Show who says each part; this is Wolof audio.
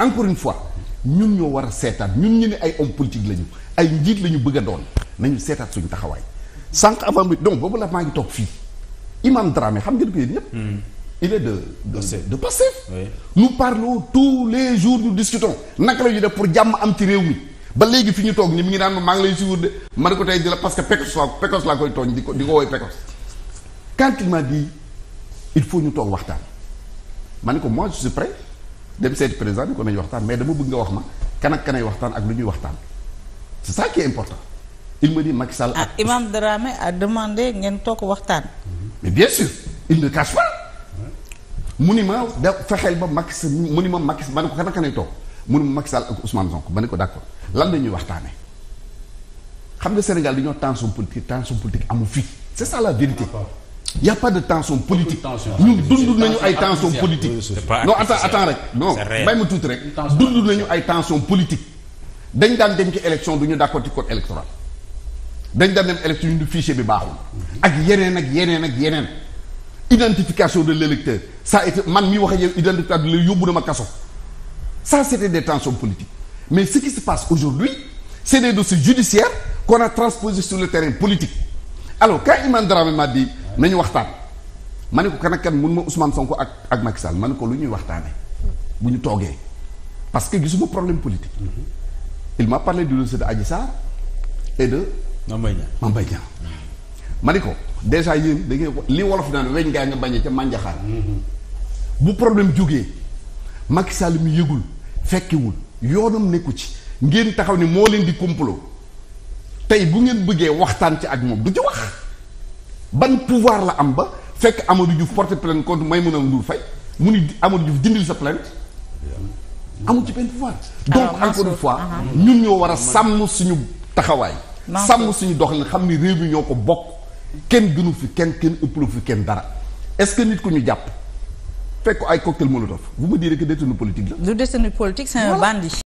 Speaker 1: encore une fois ñun ñoo war a seetaat ñun ñu ni ay homme politique lañu ay njiit lañu bëgg a doon nañu seetaat suñu taxawaay sànq avant bi donc boobu la maa ngi toog fii Imam Dramé xam ngeen ko yéen hmm. de de de Pastef nous parlons tous les jours nous naka la ñuy def pour jàmm am ci réew ba léegi fi ñu toog ni mi ngi naan maa ngi lay suivre de ma ne ko tey di parce que Pecos la Pecos laa koy tooñ di ko di ko woy Pecos quand il il faut ñu toog waxtaan ma ne ko mois je suis prêt dem seeti président bi ko nañu waxtaan mais dama bëgg nga wax ma kan waxtaan ak lu ñuy waxtaan c'est ça qui important il me dit Macky Sall. ah Imam Dramé a demandé ngeen toog waxtaan. mais bien sûr il ne cache pas. mu ni ma da fexeel ba Macky Sall mu ni ma Macky Sall ma ne ko kan ak kanay toog mu ni ma Macky Sall ak Ousmane Sonko ma ne ko d'accord lan la ñuy waxtaanee xam nga Sénégal dañoo tension politique tension politique amul fii c'est ça la vérité. y' a pas de tension politique ñun dund nañu ay tension politique non attends attends rek non bay ma tuuti rek dund nañu ay tension politique dañ daan dem ci élection du ñu d'accord ci code électoral dañ daan dem élection ñu fichier bi baaxul ak yeneen ak yeneen ak yeneen identification de l' électeur ça a man mi wax ak yow identification de yóbbu na ma kaso ça c' était des tensions mais ce qui se passe aujourd'hui c'est des dossiers judiciaires qu'on a alors quand Imam Dramé nañu waxtaan ma ne ko kan ak kan mun ma Ousmane Sonko ak ak Macky Sall ma ne ko lu ñuy waxtaanee bu ñu toogee parce que gisuma problème politique mm-hmm. ilma m'a parlé du dossier de Adji Sarr et de Mame Mbaye Niang Mame Mbaye Niang ma ne ko déjà yéen da ngeen li wolof naan weñ ngaa nga bañee ca mànjaxaar mm-hmm. bu problème jógee Macky Sall mi yëgul fekkewul yoonam nekku ci ngeen taxaw ni moo leen di complot tey bu ngeen bëggee waxtaan ci ak moom du ci wax ban pouvoir la am ba fekk Amadou Diouf porté plainte contre Maïmouna Ndour Faye mu ni Amadou Diouf dindil sa plainte amul ci benn pouvoir donc encore une fois uh-huh. ñun ñoo war a sàmm suñu taxawaay sàmm suñu doxalin xam ni réew mi ñoo ko bokk kenn gënu fi kenn kenn ëppalu fi kenn dara est-ce que nit ku ñu jàpp fekk ay cocktail molotov vous me direz que détenu politique la du détenu politique c'est un